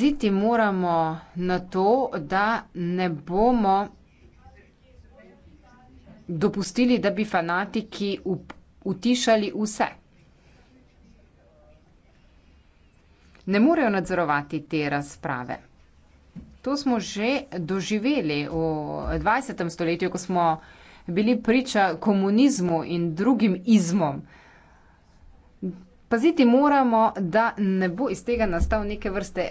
Paziti moramo na to, da ne bomo dopustili, da bi fanatiki utišali vse. Ne morejo nadzorovati te razprave. To smo že doživeli v dvajsetem stoletju, ko smo bili priča komunizmu in drugim izmom. Paziti moramo, da ne bo iz tega nastal neke vrste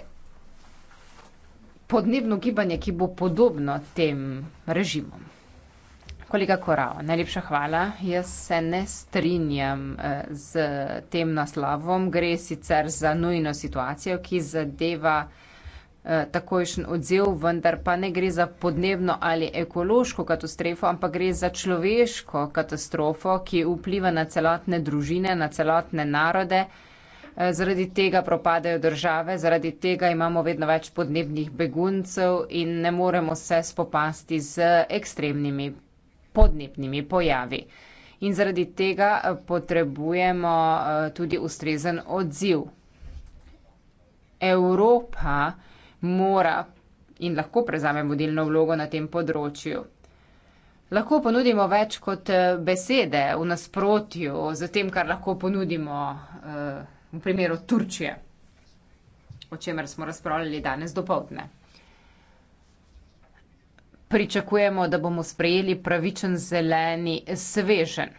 podnebno gibanje, ki bo podobno tem režimom. Kolega Korao, najlepša hvala. Jaz se ne strinjam eh, z tem naslovom. Gre sicer za nujno situacijo, ki zadeva eh, takojšen odziv, vendar pa ne gre za podnebno ali ekološko katastrofo, ampak gre za človeško katastrofo, ki vpliva na celotne družine, na celotne narode. Eh, zaradi tega propadajo države, zaradi tega imamo vedno več podnebnih beguncev in ne moremo se spopasti z ekstremnimi podnebnimi pojavi. In zaradi tega eh, potrebujemo eh, tudi ustrezen odziv. Evropa mora in lahko prezame vodilno vlogo na tem področju. Lahko ponudimo več kot besede v nasprotju z tem, kar lahko ponudimo. Uh, v primeru Turčije, o čemer smo razpravljali danes dopoldne. Pričakujemo, da bomo sprejeli pravičen zeleni svežen.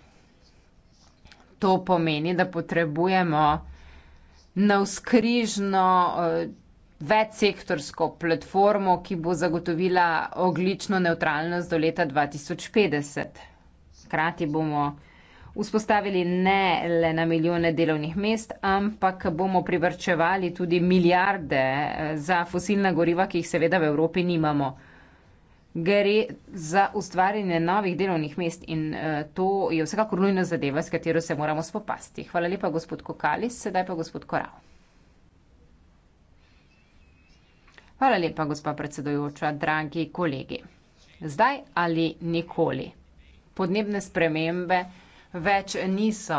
To pomeni, da potrebujemo navskrižno eh, večsektorsko platformo, ki bo zagotovila oglično neutralnost do leta 2050. Hkrati bomo vzpostavili ne le na milijone delovnih mest, ampak bomo privrčevali tudi milijarde eh, za fosilna goriva, ki jih seveda v Evropi nimamo. Gre za ustvarjanje novih delovnih mest in eh, to je vsekakor nujna zadeva, s katero se moramo spopasti. Hvala lepa, gospod Kokalis, sedaj pa gospod Koral. Hvala lepa, gospa predsedojoča, dragi kolegi. Zdaj ali nikoli. Podnebne spremembe več niso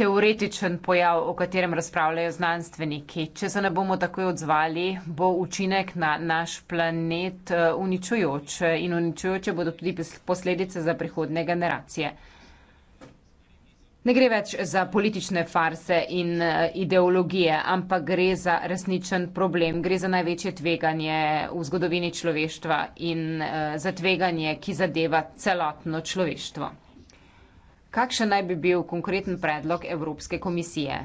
teoretičen pojav, o katerem razpravljajo znanstveniki. Če se ne bomo takoj odzvali, bo učinek na naš planet eh, uničujoč eh, in uničujoče bodo tudi posledice za prihodne generacije. Ne gre več za politične farse in eh, ideologije, ampak gre za resničen problem. Gre za največje tveganje v zgodovini človeštva in za tveganje, ki zadeva celotno človeštvo. Kakšen naj bi bil konkreten predlog Evropske komisije?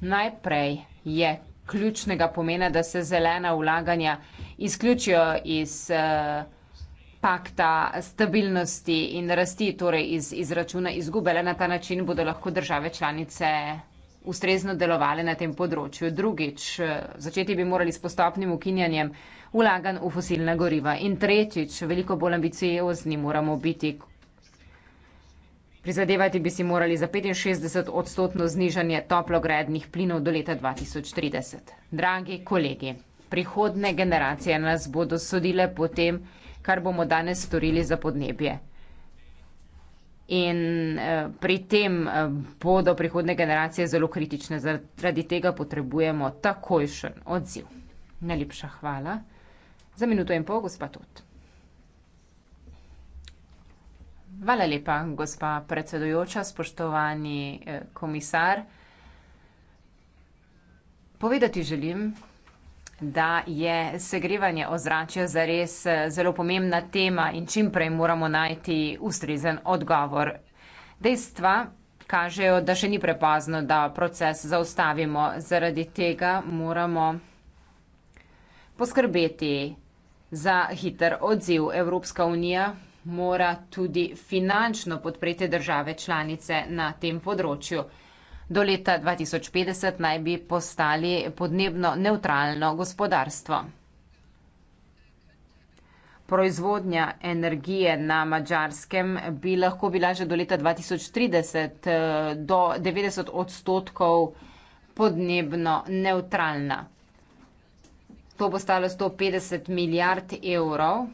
Najprej je ključnega pomena, da se zelena vlaganja izključijo iz eh, pakta stabilnosti in rasti, torej iz izračuna izgube. Le na ta način bodo lahko države članice ustrezno delovali na tem področju. Drugič, eh, začeti bi morali s postopnim ukinjanjem vlagan v fosilna goriva. In tretjič, veliko bolj ambiciozni moramo biti, Prizadevati bi si morali za 65 odstotno znižanje toplogrednih plinov do leta 2030. Dragi kolegi, prihodne generacije nas bodo sodile po tem, kar bomo danes storili za podnebje. In eh, pri tem eh, bodo prihodne generacije zelo kritične, zaradi tega potrebujemo takojšen odziv. Najlepša hvala. Za minuto in pol, gospod Tot. Hvala lepa, gospa predsedujoča, spoštovani eh, komisar. Povedati želim, da je segrevanje ozračja zares eh, zelo pomembna tema in čimprej moramo najti ustrezen odgovor. Dejstva kažejo, da še ni prepozno, da proces zaustavimo. Zaradi tega moramo poskrbeti za hiter odziv. Evropska unija mora tudi finančno podpreti države članice na tem področju. Do leta 2050 naj bi postali podnebno neutralno gospodarstvo. Proizvodnja energije na Mačarskem bi lahko bila že do leta 2030 eh, do 90 odstotkov podnebno neutralna. To bo stalo 150 milijard evrov.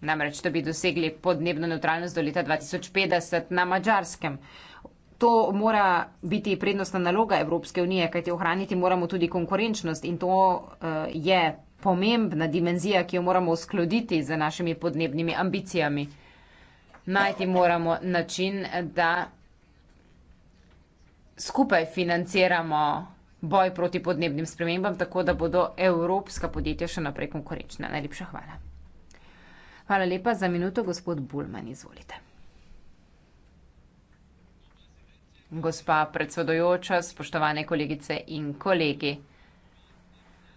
Namreč, da bi dosegli podnebno neutralnost do leta 2050 na mačarskem. To mora biti prednostna naloga Evropske unije, kajti ohraniti moramo tudi konkurenčnost in to uh, je pomembna dimenzija, ki jo moramo uskladiti z našimi podnebnimi ambicijami. Najti moramo način, da skupaj financiramo boj proti podnebnim spremembam, tako da bodo evropska podjetja še naprej konkurenčna. Najlepša hvala. Hvala lepa za minuto, gospod Bulman, izvolite. Gospa predsedojoča, spoštovane kolegice in kolegi.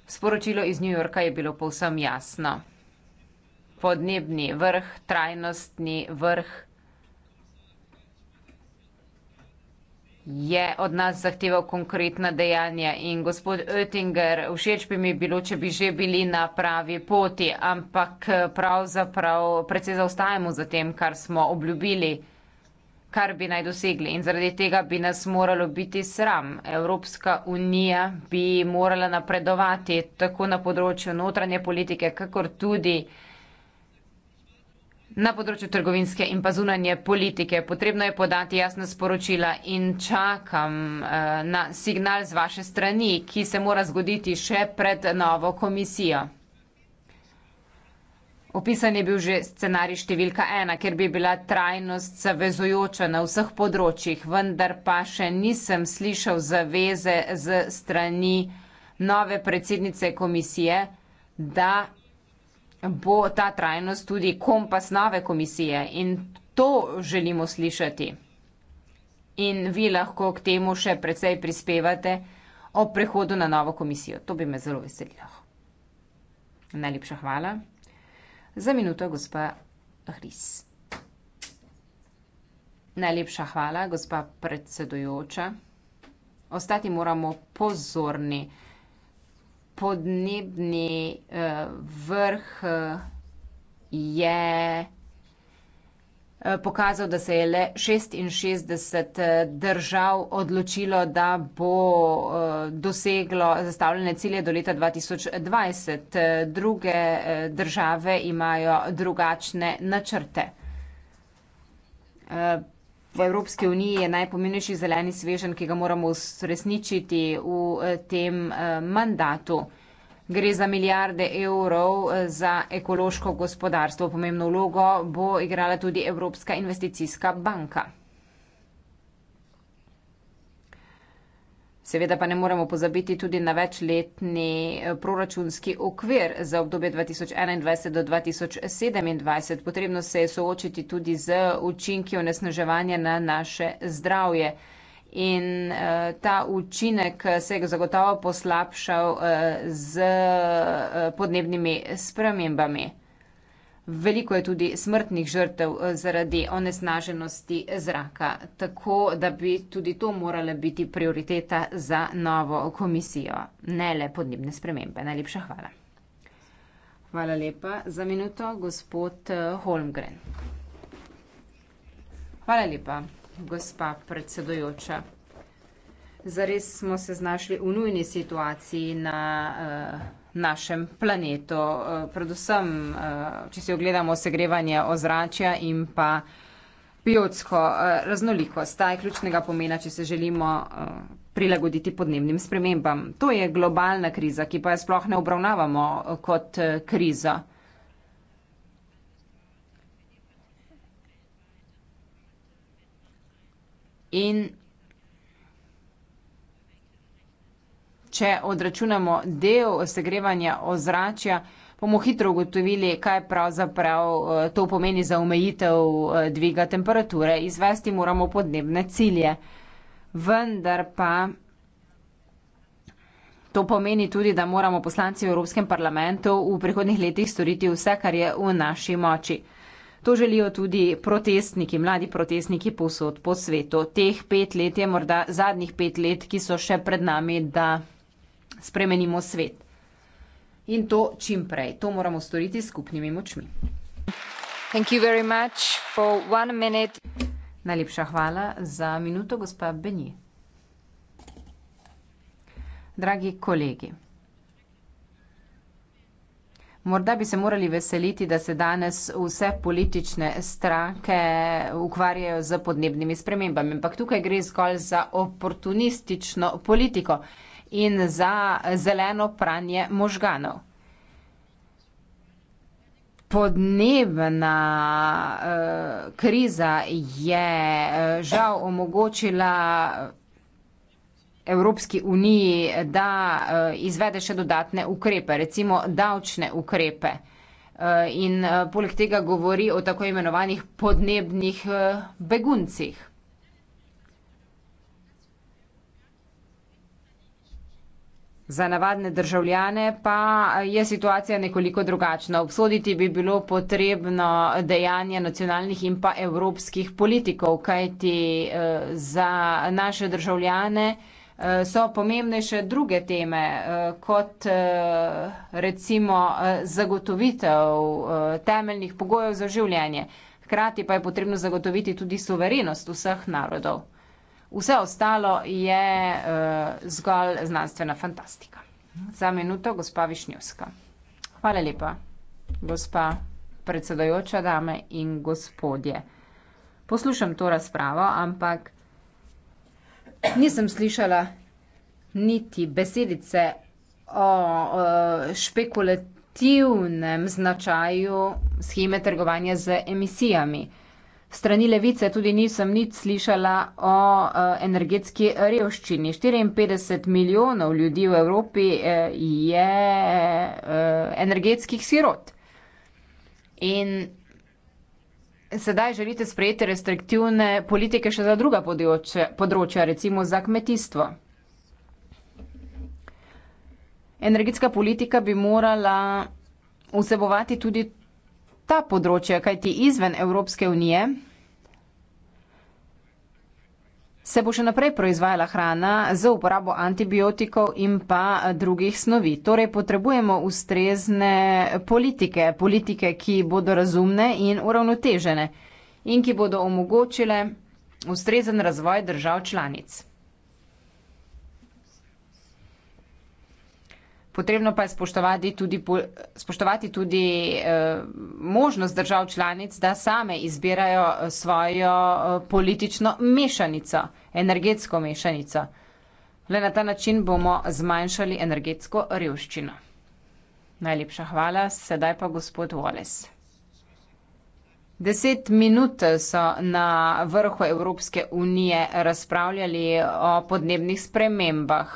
Sporočilo iz New Yorka je bilo povsem jasno. Podnebni vrh, trajnostni vrh, je od nas zahteval konkretna dejanja in gospod Oettinger, všeč bi mi bilo, če bi že bili na pravi poti, ampak pravzaprav predvsej zaostajamo za tem, kar smo obljubili, kar bi naj dosegli in zaradi tega bi nas moralo biti sram. Evropska unija bi morala napredovati tako na področju notranje politike, kakor tudi Na področju trgovinske in pa zunanje politike potrebno je podati jasna sporočila in čakam eh, na signal z vaše strani, ki se mora zgoditi še pred novo komisijo. Opisan je bil že scenarij številka ena, ker bi bila trajnost zavezujoča na vseh področjih, vendar pa še nisem slišal zaveze z strani nove predsednice komisije, da bo ta trajnost tudi kompas nove komisije in to želimo slišati. In vi lahko k temu še precej prispevate o prehodu na novo komisijo. To bi me zelo veselilo. Najlepša hvala. Za minuto, gospa Hris. Najlepša hvala, gospa predsedujoča. Ostati moramo pozorni podnebni, eh, vrh, eh, je, eh, pokazal, da se je le šestinšestdeset, držav odločilo, da bo, doseglo zastavljene cilje do leta dva tisoč dvajset. Druge, države imajo drugačne načrte. V Evropski uniji je najpomembnejši zeleni svežen, ki ga moramo uresničiti v eh, tem eh, mandatu. Gre za milijarde evrov eh, za ekološko gospodarstvo. Pomembno vlogo bo igrala tudi Evropska investicijska banka. Seveda pa ne moremo pozabiti tudi na večletni eh, proračunski okvir za obdobje 2021 do 2027. Potrebno se je soočiti tudi z učinki onesnaževanja na naše zdravje. In uh, ta učinek eh, se je zagotovo poslabšal uh, z uh, podnebnimi spremembami. Veliko je tudi smrtnih žrtev eh, zaradi onesnaženosti zraka, tako da bi tudi to morala biti prioriteta za novo komisijo, ne le podnebne spremembe. Najlepša hvala. Hvala lepa za minuto, gospod eh, Holmgren. Hvala lepa, gospa predsedojoča. Zares smo se znašli v nujni situaciji na. Uh, našem planetu. Eh, predvsem, eh, če si ogledamo segrevanje ozračja in pa biotsko eh, raznolikost. Ta je ključnega pomena, če se želimo prilagoditi podnebnim spremembam. To je globalna kriza, ki pa jo sploh ne obravnavamo kot krizo. In če odračunamo del segrevanja ozračja, bomo hitro ugotovili, kaj pravzaprav eh, to pomeni za omejitev eh, dviga temperature. Izvesti moramo podnebne cilje. Vendar pa to pomeni tudi, da moramo poslanci v Evropskem parlamentu v prihodnih letih storiti vse, kar je v naši moči. To želijo tudi protestniki, mladi protestniki posod po svetu. Teh pet let je morda zadnjih pet let, ki so še pred nami, da spremenimo svet. In to čim prej. To moramo storiti skupnimi močmi. Najlepša hvala za minuto, gospa Beni. Dragi kolegi, morda bi se morali veseliti, da se danes vse politične stranke ukvarjajo z podnebnimi spremembami, ampak tukaj gre zgolj za oportunistično politiko in za zeleno pranje možganov. Podnebna uh, kriza je uh, žal omogočila Evropski uniji, da uh, izvede še dodatne ukrepe, recimo davčne ukrepe. Uh, in uh, poleg tega govori o tako imenovanih podnebnih uh, beguncih. Za navadne državljane pa je situacija nekoliko drugačna. Obsoditi bi bilo potrebno dejanje nacionalnih in pa evropskih politikov, kajti eh, za naše državljane eh, so pomembnejše druge teme, eh, kot recimo zagotovitev temeljnih pogojev za življenje. Hkrati pa je potrebno zagotoviti tudi soverenost vseh narodov. Vse ostalo je uh, zgolj znanstvena fantastika. Za minuto, gospa Višnjevska. Hvala lepa, gospa predsedojoča dame in gospodje. Poslušam to razpravo, ampak nisem slišala niti besedice o uh, špekulativnem značaju scheme trgovanja z emisijami strani levice tudi nisem nič slišala o e, energetski revščini. 54 milijonov ljudi v Evropi e, je e, energetskih sirot. In sedaj želite sprejeti restriktivne politike še za druga področja, področja recimo za kmetijstvo. Energetska politika bi morala vsebovati tudi ta področja, kajti izven Evropske unije se bo še naprej proizvajala hrana z uporabo antibiotikov in pa drugih snovi. Torej potrebujemo ustrezne politike, politike, ki bodo razumne in uravnotežene in ki bodo omogočile ustrezen razvoj držav članic. Potrebno pa je spoštovati tudi, spoštovati tudi eh, možnost držav članic, da same izbirajo eh, svojo eh, politično mešanico, energetsko mešanico. Le na ta način bomo zmanjšali energetsko revščino. Najlepša hvala, sedaj pa gospod Wallace. Deset minut so na vrhu Evropske unije razpravljali o podnebnih spremembah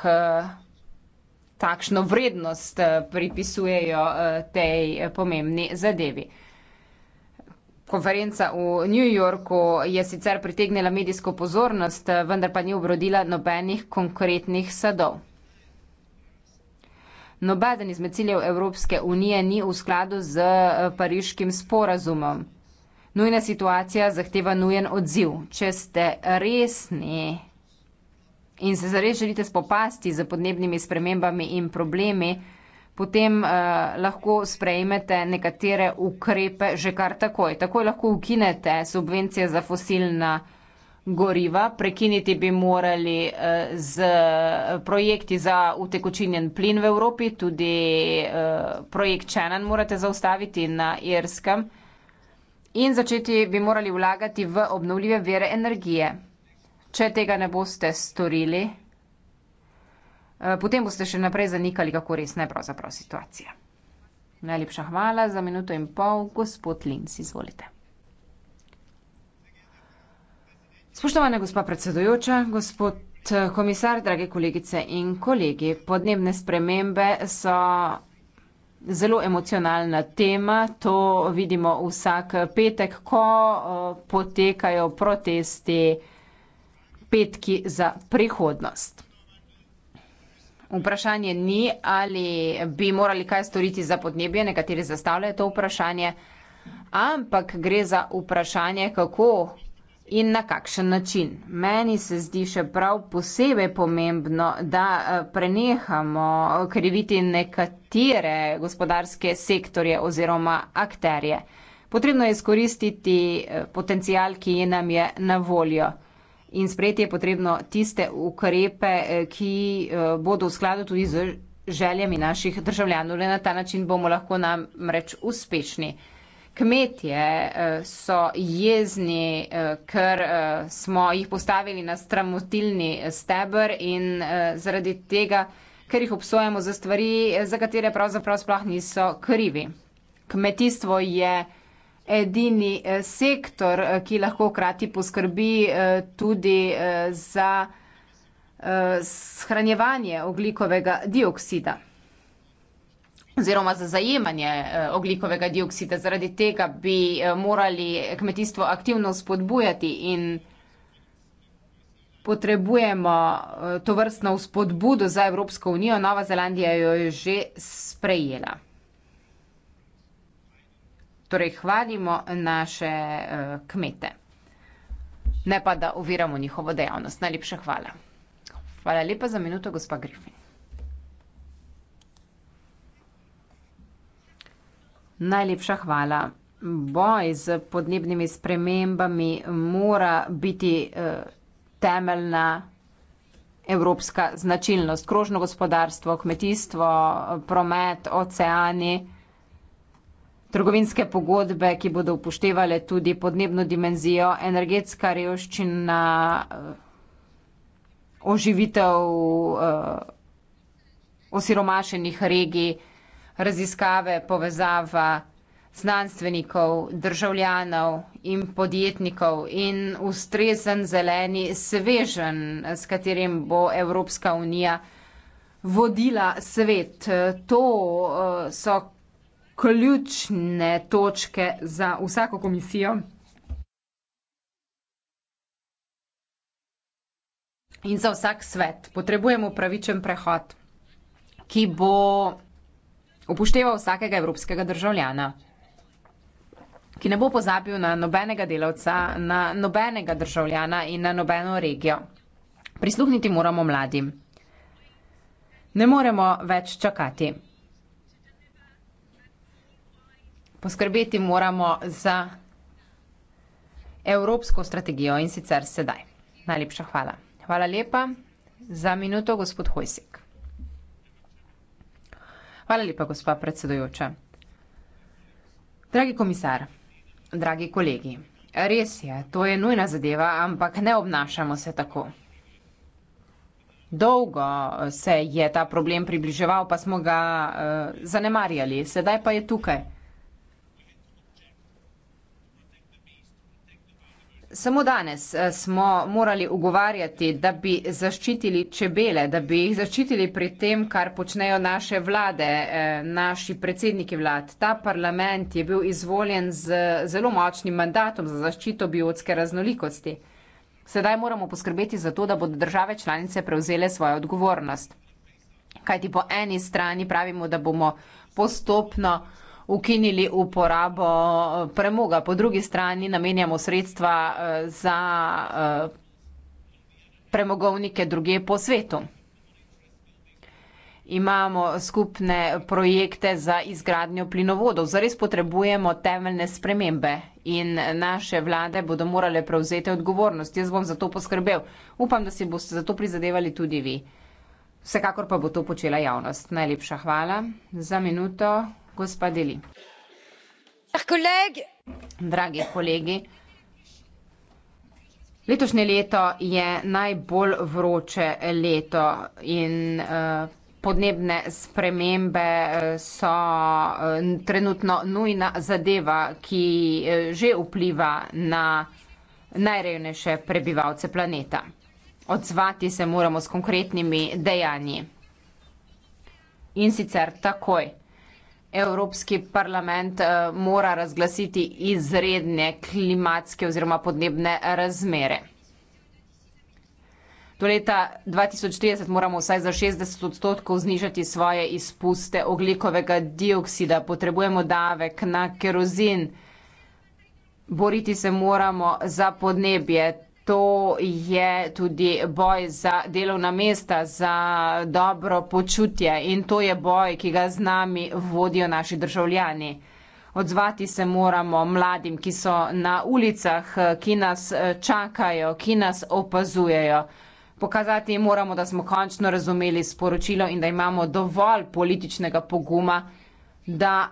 takšno vrednost eh, pripisujejo eh, tej eh, pomembni zadevi. Konferenca v New Yorku je sicer pritegnila medijsko pozornost, vendar pa ni obrodila nobenih konkretnih sadov. Nobeden izmed ciljev Evropske unije ni v skladu z pariškim sporazumom. Nujna situacija zahteva nujen odziv. Če ste resni in se zares želite spopasti z podnebnimi spremembami in problemi, potem eh, lahko sprejmete nekatere ukrepe že kar takoj. Takoj lahko ukinete subvencije za fosilna goriva, prekiniti bi morali eh, z projekti za utekočinjen plin v Evropi, tudi eh, projekt Čenan morate zaustaviti na Irskem. In začeti bi morali vlagati v obnovljive vere energije. Če tega ne boste storili, eh, potem boste še naprej zanikali, kako resna je pravzaprav situacija. Najlepša hvala za minuto in pol, gospod Linz, izvolite. Spoštovane gospa predsedujoča, gospod eh, komisar, drage kolegice in kolegi, podnebne spremembe so zelo emocionalna tema. To vidimo vsak petek, ko eh, potekajo protesti petki za prihodnost. Vprašanje ni, ali bi morali kaj storiti za podnebje, nekateri zastavljajo to vprašanje, ampak gre za vprašanje, kako in na kakšen način. Meni se zdi še prav posebej pomembno, da eh, prenehamo kriviti nekatere gospodarske sektorje oziroma akterje. Potrebno je izkoristiti eh, potencial, ki nam je na voljo in sprejeti je potrebno tiste ukrepe, eh, ki eh, bodo v skladu tudi z željami naših državljanov. Le na ta način bomo lahko namreč uspešni. Kmetje eh, so jezni, ker smo jih postavili na stramotilni stebr in zaradi tega, ker jih obsojamo za stvari, za katere pravzaprav sploh niso krivi. Kmetijstvo je edini eh, sektor, eh, ki lahko hkrati poskrbi eh, tudi za shranjevanje oglikovega dioksida oziroma za zajemanje oglikovega dioksida. Zaradi tega bi morali kmetijstvo aktivno spodbujati in potrebujemo to vrstno spodbudo za Evropsko unijo. Nova Zelandija jo je že sprejela. Torej, hvalimo naše eh, kmete, ne pa da oviramo njihovo dejavnost. Najlepša hvala. Hvala lepa za minuto, gospa Grifin. Najlepša hvala. Boj z podnebnimi spremembami mora biti eh, temeljna evropska značilnost. Krožno gospodarstvo, kmetijstvo, promet, oceani trgovinske pogodbe, ki bodo upoštevale tudi podnebno dimenzijo, energetska revščina, eh, oživitev eh, osiromašenih regij, raziskave, povezava znanstvenikov, državljanov in podjetnikov in ustrezen zeleni svežen, s katerim bo Evropska unija vodila svet. To eh, so ključne točke za vsako komisijo? In za vsak svet potrebujemo pravičen prehod, ki bo upošteval vsakega evropskega državljana, ki ne bo pozabil na nobenega delavca, na nobenega državljana in na nobeno regijo. Prisluhniti moramo mladim. Ne moremo več čakati. poskrbeti moramo za evropsko strategijo in sicer sedaj. Najlepša hvala. Hvala lepa za minuto, gospod Hojsek. Hvala lepa, gospa predsedojoča. Dragi komisar, dragi kolegi, res je, to je nujna zadeva, ampak ne obnašamo se tako. Dolgo se je ta problem približeval, pa smo ga uh, zanemarjali, sedaj pa je tukaj. Samo danes eh, smo morali ugovarjati, da bi zaščitili čebele, da bi jih zaščitili pri tem, kar počnejo naše vlade, eh, naši predsedniki vlad. Ta parlament je bil izvoljen z zelo močnim mandatom za zaščito biotske raznolikosti. Sedaj moramo poskrbeti za to, da bodo države članice prevzele svojo odgovornost. Kajti po eni strani pravimo, da bomo postopno ukinili uporabo eh, premoga, po drugi strani namenjamo sredstva eh, za eh, premogovnike druge po svetu. Imamo skupne projekte za izgradnjo plinovodov. Zares potrebujemo temeljne spremembe in naše vlade bodo morale prevzeti odgovornost. Jaz bom za to poskrbel. Upam, da si boste za to prizadevali tudi vi. Vsekakor pa bo to počela javnost. Najlepša hvala za minuto. Dragi kolegi, letošnje leto je najbolj vroče leto in eh, podnebne spremembe eh, so eh, trenutno nujna zadeva, ki že vpliva na najrevnejše prebivalce planeta. Odzvati se moramo s konkretnimi dejanji. In sicer takoj. Evropski parlament eh, mora razglasiti izredne klimatske oziroma podnebne razmere. Do leta 2030 moramo vsaj za 60 odstotkov znižati svoje izpuste oglikovega dioksida. Potrebujemo davek na kerozin. Boriti se moramo za podnebje to je tudi boj za delovna mesta, za dobro počutje in to je boj, ki ga z nami vodijo naši državljani. Odzvati se moramo mladim, ki so na ulicah, ki nas eh, čakajo, ki nas opazujejo. Pokazati jim moramo, da smo končno razumeli sporočilo in da imamo dovolj političnega poguma, da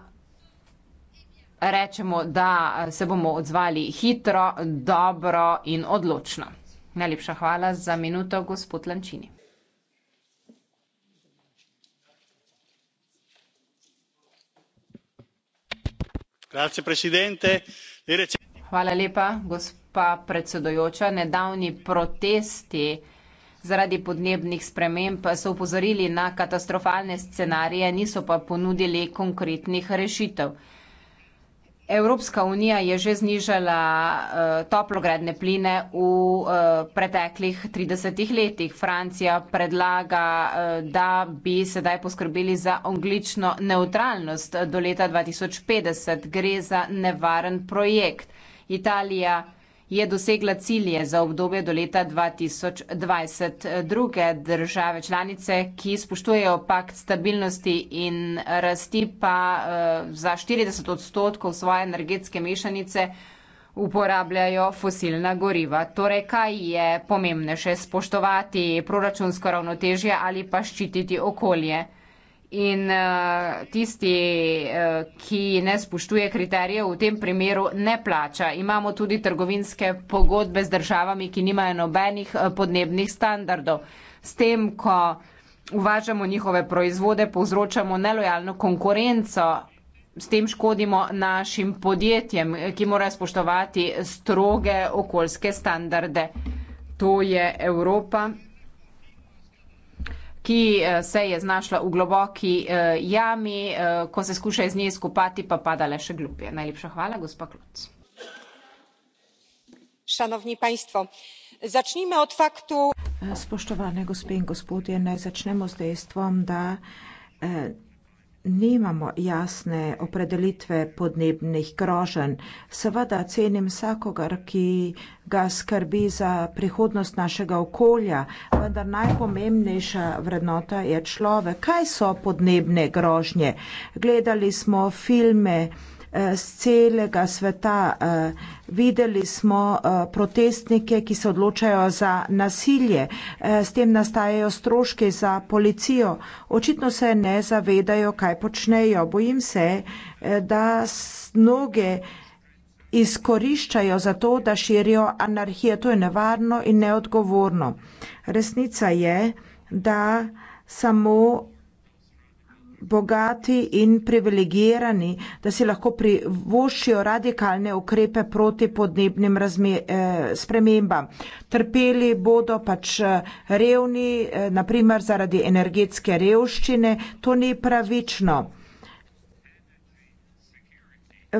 rečemo, da eh, se bomo odzvali hitro, dobro in odločno. Najlepša hvala za minuto, gospod Lančini. Hvala lepa, gospa predsedojoča. Nedavni protesti zaradi podnebnih sprememb so upozorili na katastrofalne scenarije, niso pa ponudili konkretnih rešitev. Evropska unija je že znižala uh, toplogredne pline v uh, preteklih 30 letih. Francija predlaga, uh, da bi sedaj poskrbeli za oglično neutralnost do leta 2050. Gre za nevaren projekt. Italija je dosegla cilje za obdobje do leta 2020. Druge države članice, ki spoštujejo pakt stabilnosti in rasti pa eh, za 40 odstotkov svoje energetske mešanice, uporabljajo fosilna goriva. Torej, kaj je pomembnejše, spoštovati proračunsko ravnotežje ali pa ščititi okolje? In uh, tisti, uh, ki ne spoštuje kriterijev, v tem primeru ne plača. Imamo tudi trgovinske pogodbe z državami, ki nimajo nobenih eh, podnebnih standardov. S tem, ko uvažamo njihove proizvode, povzročamo nelojalno konkurenco. S tem škodimo našim podjetjem, ki morajo spoštovati stroge okoljske standarde. To je Evropa ki eh, se je znašla v globoki eh, jami, eh, ko se skuša iz nje skupati, pa pada le še globje. Najlepša hvala, gospa Kloc. Šanovni pajstvo, začnimo od faktu. Spoštovane gospe in gospodje, naj začnemo s dejstvom, da nimamo jasne opredelitve podnebnih groženj. Seveda cenim vsakogar, ki ga skrbi za prihodnost našega okolja, vendar najpomembnejša vrednota je človek. Kaj so podnebne grožnje? Gledali smo filme, z eh, celega sveta. Eh, videli smo eh, protestnike, ki se odločajo za nasilje, s tem nastajajo stroške za policijo. Očitno se ne zavedajo, kaj počnejo. Bojim se, da mnoge izkoriščajo za to, da širijo anarhijo. To je nevarno in neodgovorno. Resnica je, da samo bogati in privilegirani, da si lahko privošijo radikalne ukrepe proti podnebnim eh, spremembam. Trpeli bodo pač eh, revni, eh, naprimer zaradi energetske revščine, to ni pravično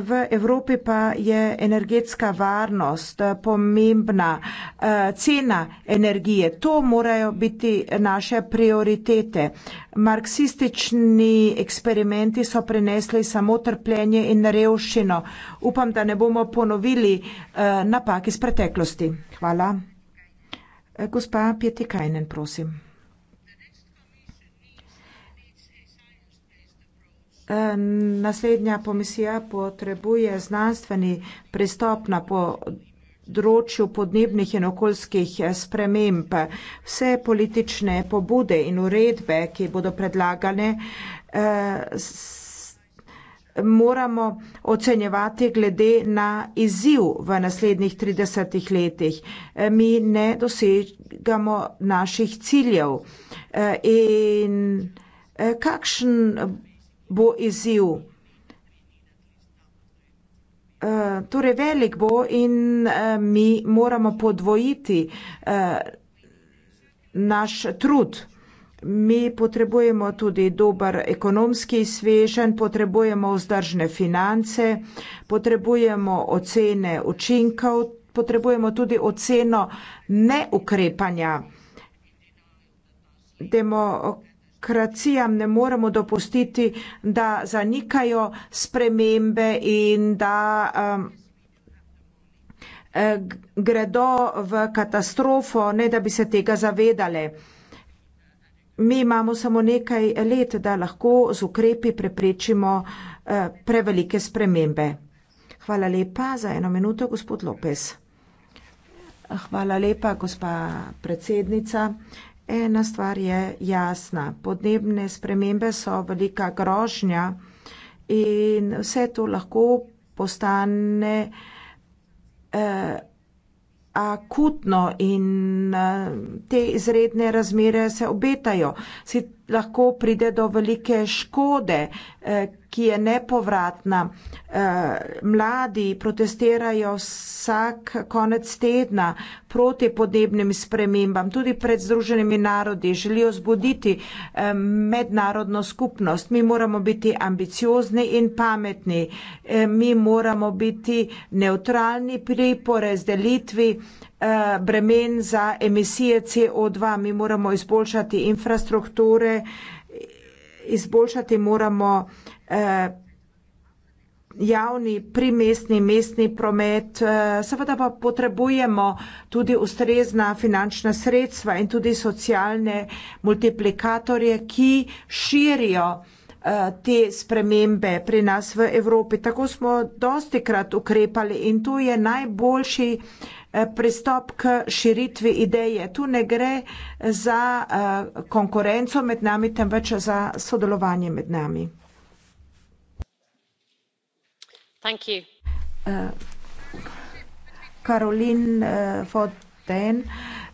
v Evropi pa je energetska varnost pomembna, eh, cena energije. To morajo biti naše prioritete. Marksistični eksperimenti so prinesli samo trpljenje in revščino. Upam, da ne bomo ponovili eh, napak iz preteklosti. Hvala. Eh, gospa Pjetikajnen, prosim. Naslednja komisija potrebuje znanstveni pristop na področju podnebnih in okoljskih eh, sprememb. Vse politične pobude in uredbe, ki bodo predlagane, eh, moramo ocenjevati glede na izziv v naslednjih 30 letih. Eh, mi ne dosegamo naših ciljev. In kakšen bo izziv. Eh, torej, velik bo in eh, mi moramo podvojiti eh, naš trud. Mi potrebujemo tudi dober ekonomski svežen, potrebujemo vzdržne finance, potrebujemo ocene učinkov, potrebujemo tudi oceno neukrepanja. Demo, demokracijam ne moremo dopustiti, da zanikajo spremembe in da um, eh, gredo v katastrofo, ne da bi se tega zavedali. Mi imamo samo nekaj let, da lahko z ukrepi preprečimo eh, prevelike spremembe. Hvala lepa za eno minuto, gospod Lopez. Hvala lepa, gospa predsednica. Ena stvar je jasna. Podnebne spremembe so velika grožnja in vse to lahko postane eh, akutno in eh, te izredne razmere se obetajo. Si lahko pride do velike škode. Eh, ki je nepovratna. Eh, mladi protestirajo vsak konec tedna proti podnebnim spremembam, tudi pred Združenimi narodi. Želijo zbuditi eh, mednarodno skupnost. Mi moramo biti ambiciozni in pametni. Eh, mi moramo biti neutralni pri porazdelitvi bremen za emisije CO2. Mi moramo izboljšati infrastrukture, izboljšati moramo Eh, javni, primestni, mestni promet. Eh, seveda pa potrebujemo tudi ustrezna finančna sredstva in tudi socialne multiplikatorje, ki širijo eh, te spremembe pri nas v Evropi. Tako smo dosti krat ukrepali in to je najboljši pristop k širitvi ideje. Tu ne gre za konkurenco med nami, temveč za sodelovanje med nami. Uh, Caroline uh, Fonten,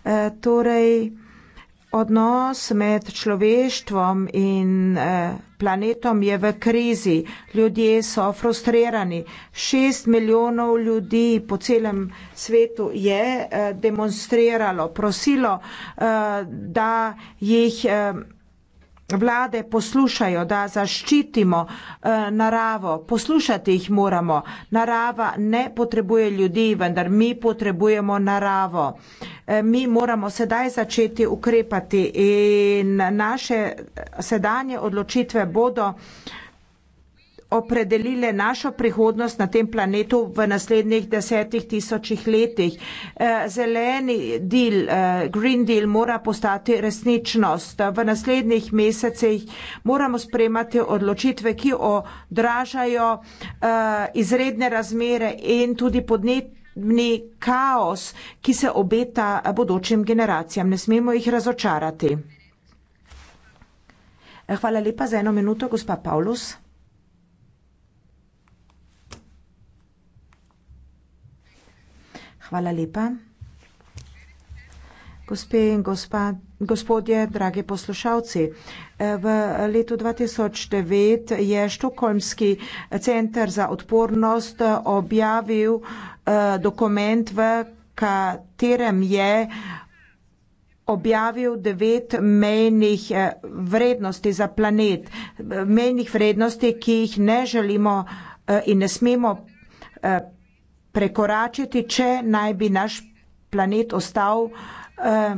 uh, torej odnos med človeštvom in planetom je v krizi. Ljudje so frustrirani. Šest milijonov ljudi po celem svetu je demonstriralo, prosilo, da jih um, vlade poslušajo, da zaščitimo eh, naravo, poslušati jih moramo. Narava ne potrebuje ljudi, vendar mi potrebujemo naravo. Eh, mi moramo sedaj začeti ukrepati in naše sedanje odločitve bodo eh, opredelile našo prihodnost na tem planetu v naslednjih desetih tisočih letih. Eh, zeleni del, eh, Green Deal mora postati resničnost. V naslednjih mesecih moramo spremati odločitve, ki odražajo eh, izredne razmere in tudi podnebni kaos, ki se obeta bodočim generacijam. Ne smemo jih razočarati. Hvala lepa za eno minuto, gospa Pavlus. Hvala lepa. Gospe in gospa, gospodje, dragi poslušalci, v letu 2009 je Štokholmski center za odpornost objavil eh, dokument, v katerem je objavil devet mejnih eh, vrednosti za planet, mejnih vrednosti, ki jih ne želimo eh, in ne smemo prekoračiti, če naj bi naš planet ostal eh,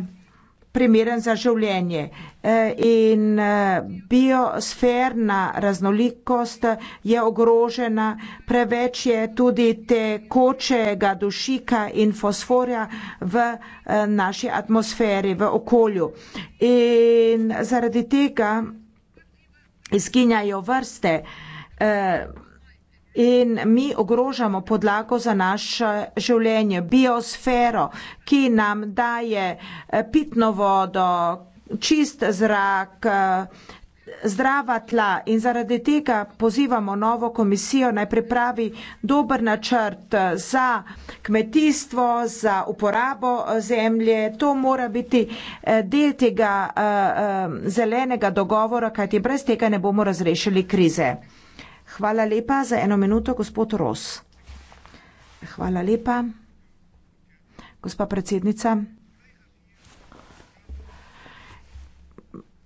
primeren za življenje. Eh, in eh, biosferna raznolikost je ogrožena, preveč je tudi tekočega dušika in fosforja v naši atmosferi, v okolju. In zaradi tega izginjajo vrste in mi ogrožamo podlago za naše življenje, biosfero, ki nam daje eh, pitno vodo, čist zrak, eh, zdrava tla in zaradi tega pozivamo novo komisijo naj pripravi dober načrt eh, za kmetijstvo, za uporabo zemlje. To mora biti del tega zelenega dogovora, kajti brez tega ne bomo razrešili krize. Hvala lepa za eno minuto, gospod Ros. Hvala lepa. Gospa predsednica.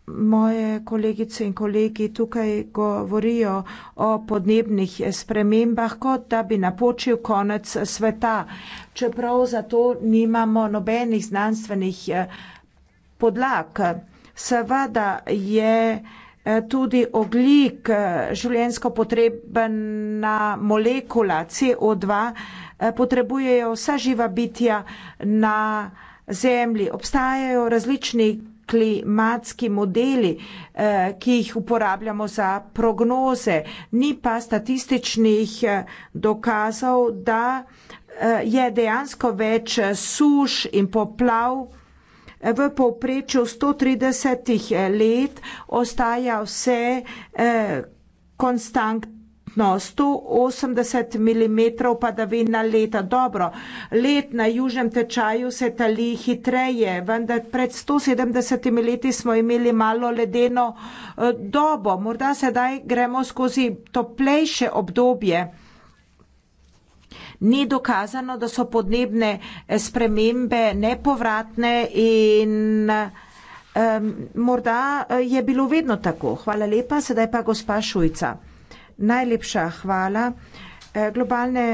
Moje kolegice in kolegi tukaj govorijo o podnebnih spremembah, kot da bi napočil konec sveta, čeprav za to nimamo nobenih znanstvenih eh, podlag. Seveda je. Eh, tudi oglik, eh, življenjsko potrebna molekula CO2, eh, potrebujejo vsa živa bitja na Zemlji. Obstajajo različni klimatski modeli, ki jih uporabljamo za prognoze, ni pa statističnih dokazov, da je dejansko več suš in poplav v povprečju 130 eh, let ostaja vse eh, konstantno. No, 180 mm padavin na leto. Dobro, let na južnem tečaju se tali hitreje, vendar pred 170 leti smo imeli malo ledeno eh, dobo. Morda sedaj gremo skozi toplejše obdobje ni dokazano, da so podnebne eh, spremembe nepovratne in um, morda eh, je bilo vedno tako. Hvala lepa, sedaj pa gospa Šujca. Najlepša hvala. Eh, globalne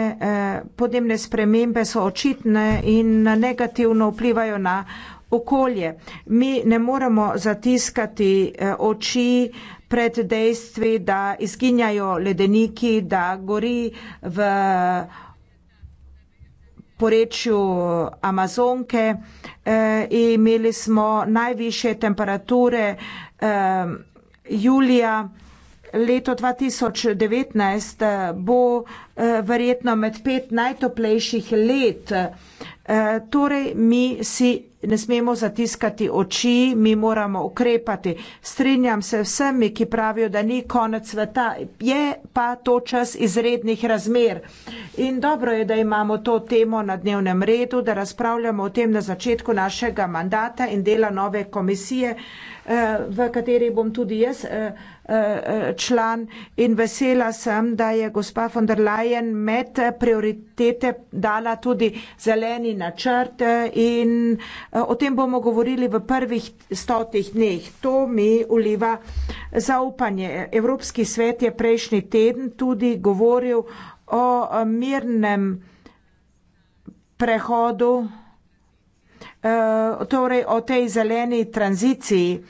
podnebne spremembe so očitne in negativno vplivajo na okolje. Mi ne moremo zatiskati oči pred dejstvi, da izginjajo ledeniki, da gori v porečju eh, Amazonke. E, imeli smo najviše temperature e, julija. Leto 2019 bo eh, verjetno med pet najtoplejših let. Eh, torej, mi si ne smemo zatiskati oči, mi moramo ukrepati. Strinjam se vsemi, ki pravijo, da ni konec sveta, je pa to čas izrednih razmer. In dobro je, da imamo to temo na dnevnem redu, da razpravljamo o tem na začetku našega mandata in dela nove komisije, eh, v kateri bom tudi jaz eh, član in vesela sem, da je gospa von der Leyen med prioritete dala tudi zeleni načrt in eh, o tem bomo govorili v prvih stotih dneh. To mi uliva zaupanje. Evropski svet je prejšnji teden tudi govoril o eh, mirnem prehodu, eh, torej o tej zeleni tranziciji.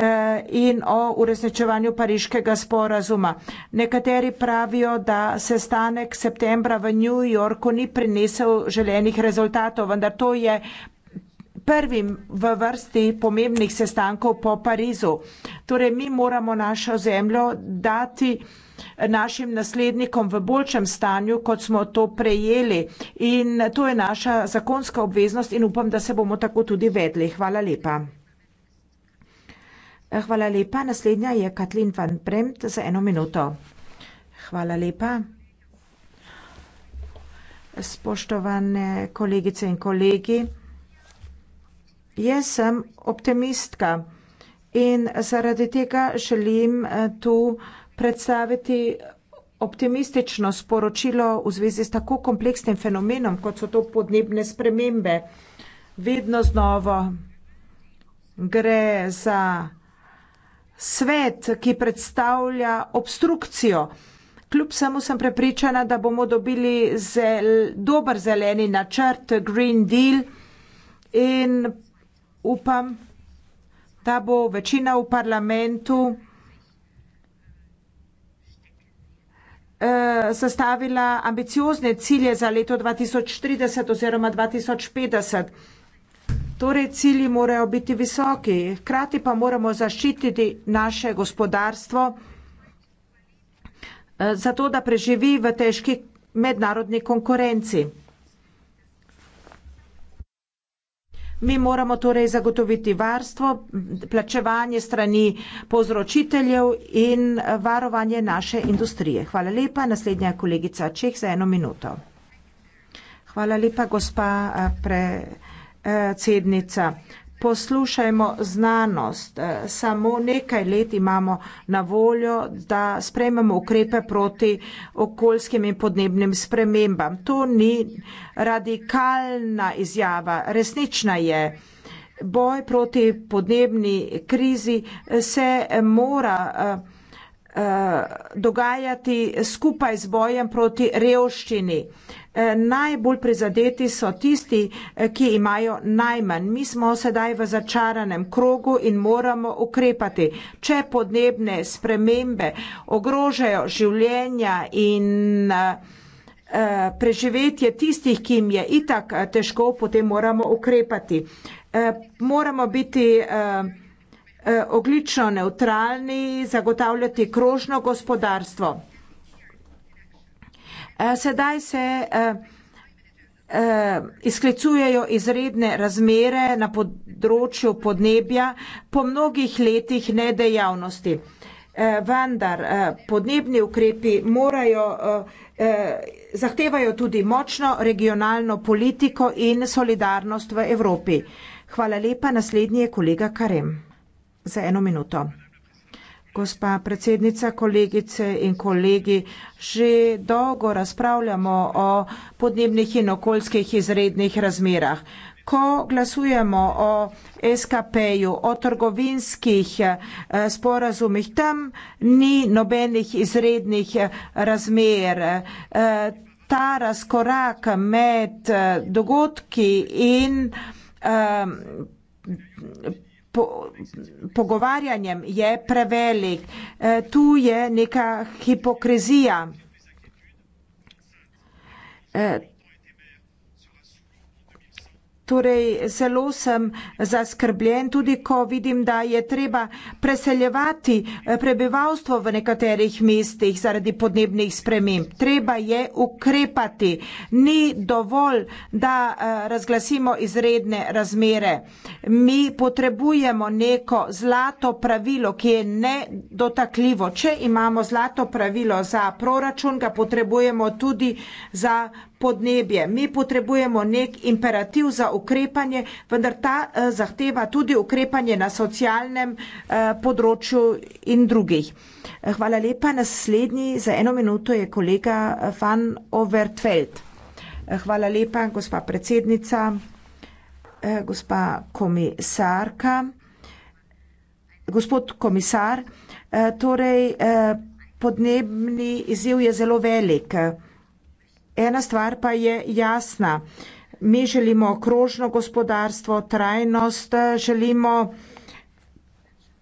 Eh, in o uresničevanju pariškega sporazuma. Nekateri pravijo, da sestanek septembra v New Yorku ni prinesel želenih rezultatov, vendar to je prvim v vrsti pomembnih sestankov po Parizu. Torej, mi moramo našo zemljo dati našim naslednikom v boljšem stanju, kot smo to prejeli. In to je naša zakonska obveznost in upam, da se bomo tako tudi vedli. Hvala lepa. Hvala lepa. Naslednja je Katlin van Premt za eno minuto. Hvala lepa. Spoštovane kolegice in kolegi, jaz sem optimistka in zaradi tega želim eh, tu predstaviti optimistično sporočilo v zvezi s tako kompleksnim fenomenom, kot so to podnebne spremembe. Vedno znova gre za svet, ki predstavlja obstrukcijo. Kljub samo sem prepričana, da bomo dobili zel, dober zeleni načrt, Green Deal in upam, da bo večina v parlamentu zastavila eh, ambiciozne cilje za leto 2030 oziroma 2050. Torej, cilji morajo biti visoki, hkrati pa moramo zaščititi naše gospodarstvo, eh, zato da preživi v težki mednarodni konkurenci. Mi moramo torej zagotoviti varstvo, plačevanje strani povzročiteljev in eh, varovanje naše industrije. Hvala lepa. Naslednja kolegica Čeh za eno minuto. Hvala lepa, gospa. Eh, pre... Eh, cednica. Poslušajmo znanost. Eh, samo nekaj let imamo na voljo, da sprejmemo ukrepe proti okoljskim in podnebnim spremembam. To ni radikalna izjava, resnična je. Boj proti podnebni krizi se mora eh, Eh, dogajati skupaj z bojem proti revščini. Eh, najbolj prizadeti so tisti, eh, ki imajo najmanj. Mi smo sedaj v začaranem krogu in moramo ukrepati. Če podnebne spremembe ogrožajo življenja in preživetje tistih, ki jim je itak težko, potem moramo ukrepati. Moramo biti Eh, oglično neutralni, zagotavljati krožno gospodarstvo. Eh, sedaj se eh, izklicujejo izredne razmere na področju podnebja po mnogih letih nedejavnosti. Vendar podnebni ukrepi morajo, zahtevajo tudi močno regionalno politiko in solidarnost v Evropi. Hvala lepa, naslednji je kolega Karem za eno minuto. Gospa predsednica, kolegice in kolegi, že dolgo razpravljamo o podnebnih in okoljskih izrednih razmerah. Ko glasujemo o SKP-ju, o trgovinskih eh, sporazumih, tam ni nobenih izrednih eh, razmer. Eh, ta razkorak med dogodki in po, pogovarjanjem je prevelik. E, tu je neka hipokrizija. E, torej zelo sem zaskrbljen, tudi ko vidim, da je treba preseljevati eh, prebivalstvo v nekaterih mestih zaradi podnebnih sprememb. Treba je ukrepati. Ni dovolj, da eh, razglasimo izredne razmere. Mi potrebujemo neko zlato pravilo, ki je nedotakljivo. Če imamo zlato pravilo za proračun, ga potrebujemo tudi za podnebje. Mi potrebujemo nek imperativ za ukrepanje, vendar ta uh, zahteva tudi ukrepanje na socialnem uh, področju in drugih. Hvala lepa. Naslednji za eno minuto je kolega eh, Van Overtveld. Hvala lepa, gospa predsednica, gospa komisarka. Gospod komisar, torej podnebni izziv je zelo velik. Ena stvar pa je jasna. Mi želimo krožno gospodarstvo, trajnost, želimo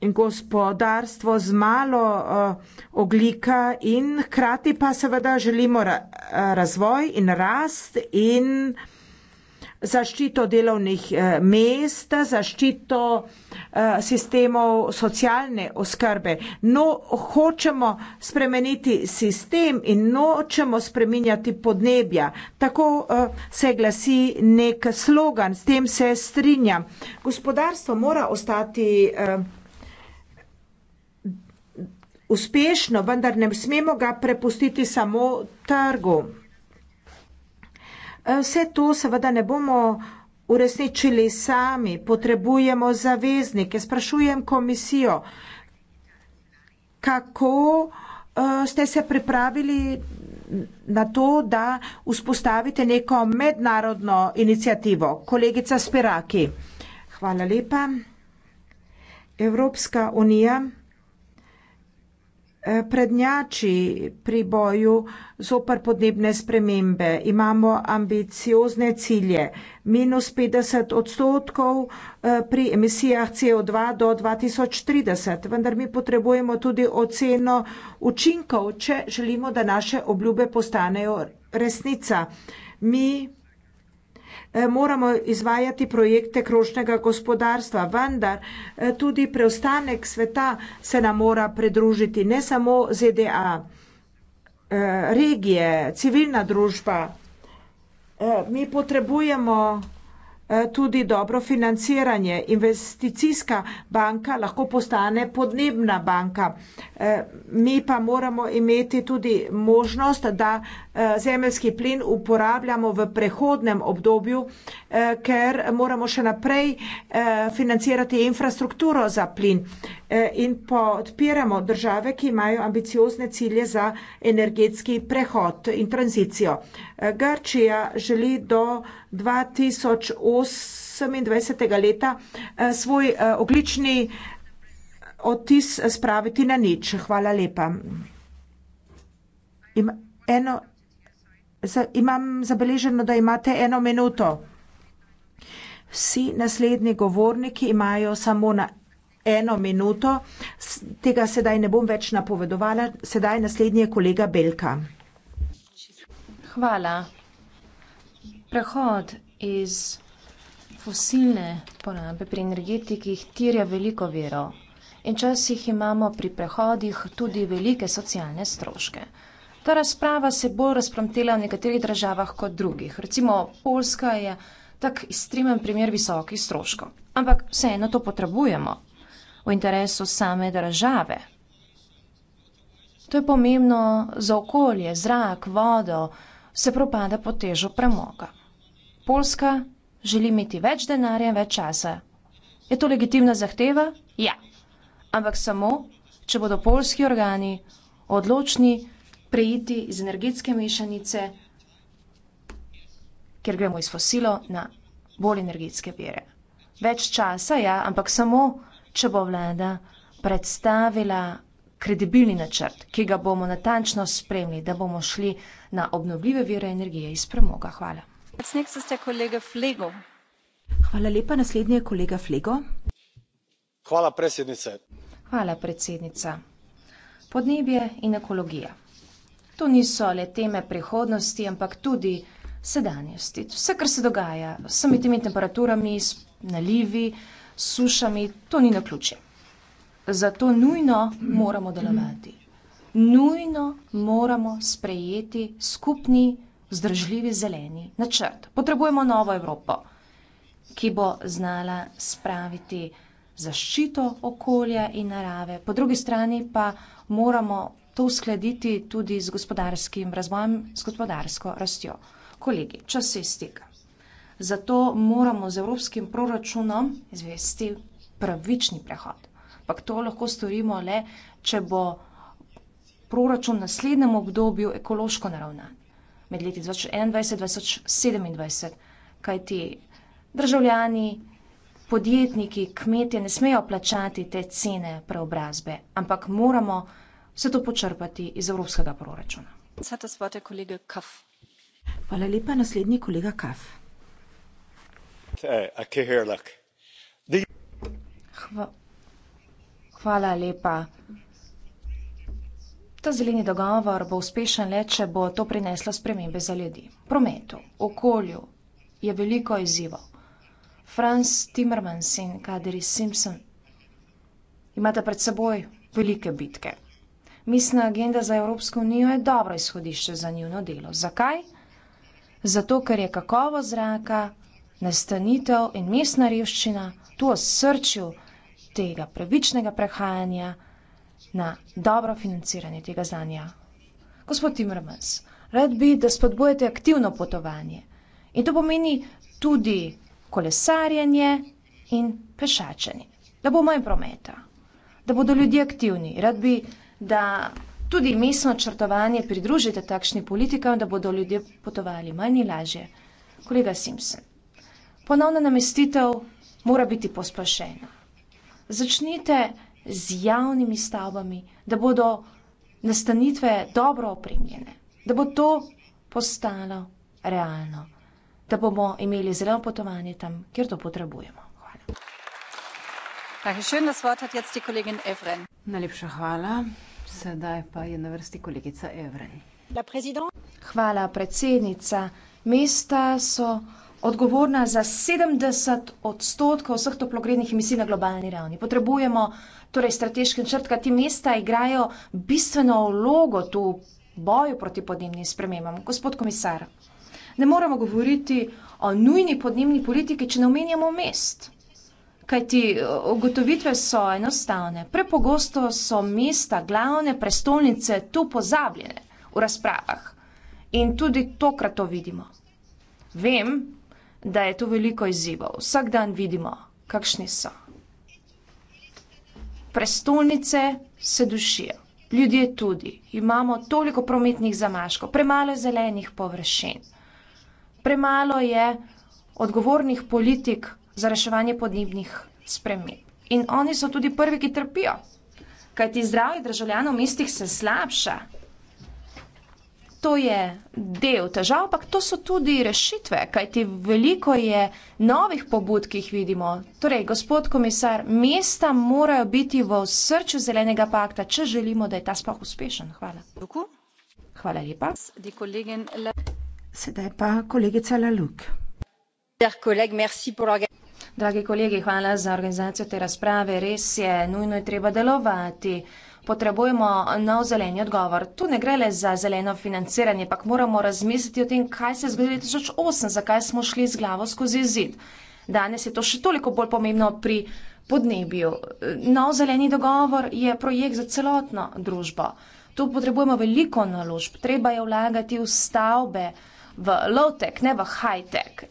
gospodarstvo z malo eh, oglika in hkrati pa seveda želimo razvoj in rast in zaščito delovnih eh, mest, zaščito eh, sistemov socialne oskrbe. No, hočemo spremeniti sistem in nočemo spreminjati podnebja. Tako eh, se glasi nek slogan, s tem se strinjam. Gospodarstvo mora ostati uspešno, vendar ne smemo ga prepustiti samo trgu. Vse to seveda ne bomo uresničili sami, potrebujemo zaveznike. Sprašujem komisijo, kako eh, ste se pripravili na to, da vzpostavite neko mednarodno inicijativo. Kolegica Spiraki. Hvala lepa. Evropska unija. Eh, prednjači pri boju zoper podnebne spremembe. Imamo ambiciozne cilje. Minus 50 odstotkov eh, pri emisijah CO2 do 2030. Vendar mi potrebujemo tudi oceno učinkov, če želimo, da naše obljube postanejo resnica. Mi Eh, moramo izvajati projekte krožnega gospodarstva, vendar eh, tudi preostanek sveta se nam mora pridružiti, ne samo ZDA, eh, regije, civilna družba. Mi potrebujemo Eh, tudi dobro financiranje. Investicijska banka lahko postane podnebna banka. Eh, mi pa moramo imeti tudi možnost, da eh, zemeljski plin uporabljamo v prehodnem obdobju, ker moramo še naprej financirati infrastrukturo za plin in podpiramo države, ki imajo ambiciozne cilje za energetski prehod in tranzicijo. Grčija želi do 2028. leta eh, svoj eh, oglični eh, odtis spraviti na nič. Hvala lepa. Eno, imam zabeleženo, da imate eno minuto. Vsi naslednji govorniki imajo samo na eno minuto. Tega sedaj ne bom več napovedovala. Sedaj naslednji je kolega Belka. Hvala. Prehod iz fosilne porabe pri energetikih tirja veliko verov in časih imamo pri prehodih tudi velike socialne stroške. Ta razprava se bolj razpromtela v nekaterih državah kot drugih. Recimo Poljska je tak ekstremen primer visokih stroškov. Ampak vseeno to potrebujemo v interesu same države. To je pomembno za okolje, zrak, vodo, se propada pod težo premoga. Poljska želi imeti več denarja in več časa. Je to legitimna zahteva? Ja. Ampak samo, če bodo polski organi odločni prejiti iz energetske mešanice, ker gremo iz fosilo na bolj energetske vire. Več časa, ja, ampak samo, če bo vlada predstavila kredibilni načrt, ki ga bomo natančno spremljali, da bomo šli na obnovljive vire energije iz premoga. Hvala. Hvala lepa. Naslednji je kolega Flego. Hvala, predsednice. Hvala, predsednica. Podnebje in ekologija. To niso le teme prihodnosti, ampak tudi sedanjosti. Vse, kar se dogaja s temi temperaturami, nalivi, sušami, to ni na ključe zato nujno moramo delovati. Nujno moramo sprejeti skupni, zdržljivi zeleni načrt. Potrebujemo novo Evropo, ki bo znala spraviti zaščito okolja in narave. Po drugi strani pa moramo to uskladiti tudi z gospodarskim razvojem, s gospodarsko rastjo. Kolegi, čas se izteka. Zato moramo z evropskim proračunom izvesti pravični prehod ampak to lahko storimo le, če bo proračun v naslednjem obdobju ekološko naravnan, med leti 2021-2027, kaj ti državljani, podjetniki, kmetje ne smejo plačati te cene preobrazbe, ampak moramo vse to počrpati iz evropskega proračuna. Hvala lepa, naslednji kolega Kaf. Hvala. Hvala lepa. Ta zeleni dogovor bo uspešen le, če bo to prineslo spremembe za ljudi. Prometu, okolju je veliko izzivov. Franz Timmermans in Kadri Simpson imata pred seboj velike bitke. Mislna agenda za Evropsko unijo je dobro izhodišče za njuno delo. Zakaj? Zato, ker je kakovo zraka, nastanitev in mestna revščina tu v srčju tega pravičnega prehajanja na dobro financiranje tega znanja. Gospod Timrmans, rad bi, da spodbujete aktivno potovanje. In to pomeni tudi kolesarjenje in pešačenje. Da bo manj prometa, da bodo ljudje aktivni. Rad bi, da tudi mestno črtovanje pridružite takšni politikam, da bodo ljudje potovali manj in lažje. Kolega Simpson, ponovna namestitev mora biti pospešena začnite z javnimi stavbami, da bodo nastanitve dobro opremljene, da bo to postalo realno, da bomo imeli zelo potovanje tam, kjer to potrebujemo. Hvala. Najlepša hvala. Sedaj pa je na vrsti kolegica Evren. Hvala, predsednica. Mesta so odgovorna za 70 odstotkov vseh toplogrednih emisij na globalni ravni. Potrebujemo torej strateški črt, kaj ti mesta igrajo bistveno vlogo tu boju proti podnebnim spremembam. Gospod komisar, ne moramo govoriti o nujni podnebni politiki, če ne omenjamo mest. Kaj ti ugotovitve so enostavne. Prepogosto so mesta, glavne prestolnice tu pozabljene v razpravah. In tudi tokrat to vidimo. Vem, da je to veliko izzivov. Vsak dan vidimo, kakšni so. Prestolnice se dušijo, ljudje tudi. Imamo toliko prometnih zamaškov, premalo je zelenih površin, premalo je odgovornih politik za reševanje podnebnih sprememb. In oni so tudi prvi, ki trpijo, kajti zdravje državljanov mestih se slabša to je del težav, ampak to so tudi rešitve, kajti veliko je novih pobud, ki jih vidimo. Torej, gospod komisar, mesta morajo biti v srcu zelenega pakta, če želimo, da je ta sploh uspešen. Hvala. Hvala lepa. Sedaj pa kolegica Laluk. Dragi kolegi, hvala za organizacijo te razprave. Res je, nujno je treba delovati potrebujemo nov zeleni odgovor. Tu ne gre le za zeleno financiranje, pa moramo razmisliti o tem, kaj se je zgodilo v 2008, zakaj smo šli z glavo skozi zid. Danes je to še toliko bolj pomembno pri podnebju. Nov zeleni dogovor je projekt za celotno družbo. Tu potrebujemo veliko naložb, treba je vlagati v stavbe, v low-tech, ne v high-tech.